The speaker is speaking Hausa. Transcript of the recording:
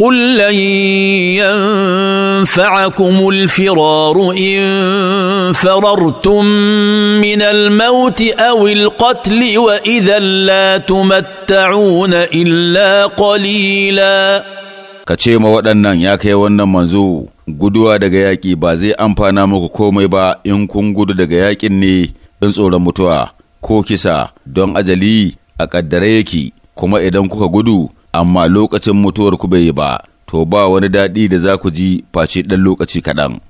قل لن ينفعكم الفرار ان فررتم من الموت او القتل واذا لا تمتعون الا قليلا ka ce ma waɗannan ya kai wannan manzo guduwa daga yaƙi ba zai amfana muku komai ba in kun gudu daga yaƙin ne in tsoron mutuwa ko kisa don ajali a ƙaddare yake kuma idan kuka gudu amma lokacin mutuwar ku bai yi ba, to ba wani daɗi da za ku ji face ɗan lokaci kaɗan.